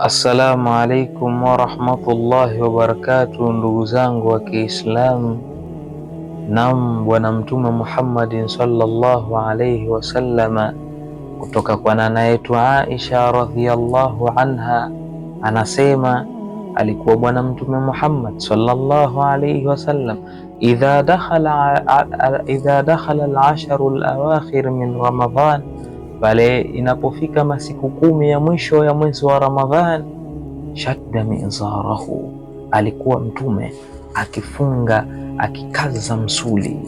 Assalamu alaikum warahmatullahi wabarakatuh ndugu zangu wa Kiislamu. Naam, Bwana Mtume Muhammadin sallallahu alaihi wasallama, kutoka kwa nana yetu Aisha radhiyallahu anha anasema alikuwa Bwana Mtume Muhammad sallallahu alaihi wasallam, idha dakhala idha dakhala al-asharu al-awakhir min ramadhan pale inapofika masiku kumi ya mwisho ya mwezi wa Ramadhan, shadda mizarahu, alikuwa mtume akifunga akikaza msuli.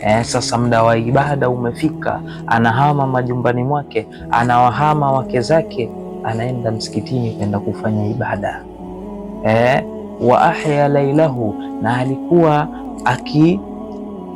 E, sasa muda wa ibada umefika, anahama majumbani mwake, anawahama wake zake, anaenda msikitini kwenda kufanya ibada e, wa ahya lailahu, na alikuwa aki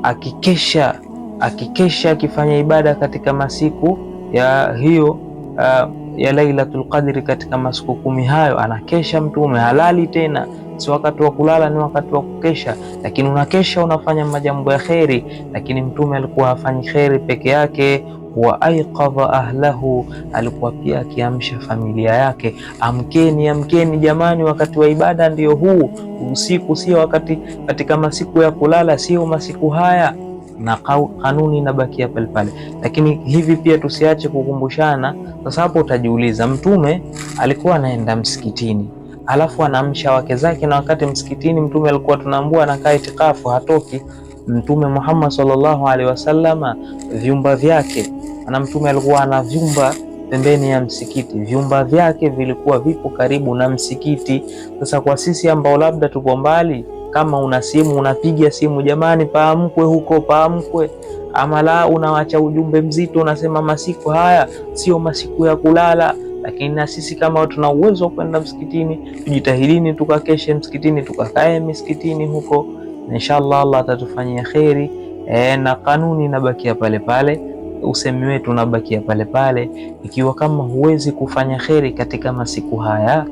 akikesha akikesha akifanya ibada katika masiku ya hiyo uh, ya Lailatul Qadri katika masiku kumi hayo anakesha Mtume, halali tena si wakati wa kulala, ni wakati wa kukesha, lakini unakesha unafanya majambo ya kheri. Lakini Mtume alikuwa hafanyi kheri peke yake, wa aiqadha ahlahu, alikuwa pia akiamsha familia yake. Amkeni, amkeni jamani, wakati wa ibada ndio huu. Usiku sio wakati, katika masiku ya kulala sio masiku haya na kanuni inabakia pale pale, lakini hivi pia tusiache kukumbushana. Sasa hapo utajiuliza, Mtume alikuwa anaenda msikitini alafu anaamsha wake zake, na wakati msikitini Mtume alikuwa tunaambua anakaa itikafu, hatoki. Mtume Muhammad sallallahu alaihi wasallama vyumba vyake, na Mtume alikuwa ana vyumba pembeni ya msikiti. Vyumba vyake vilikuwa vipo karibu na msikiti. Sasa kwa sisi ambao labda tuko mbali kama una simu unapiga simu, jamani, paamkwe huko, paamkwe. Ama la unawacha ujumbe mzito, unasema masiku haya sio masiku ya kulala. Lakini na sisi kama tuna uwezo wa kwenda msikitini, tujitahidini tukakeshe msikitini, tukakae msikitini huko, inshallah Allah atatufanyia kheri. E, na kanuni inabakia pale pale, usemi wetu unabakia pale pale. Ikiwa kama huwezi kufanya kheri katika masiku haya,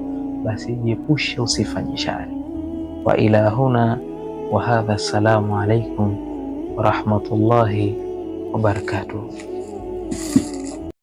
basi jiepushe, usifanye shari. وإلى هنا وهذا السلام عليكم ورحمة الله وبركاته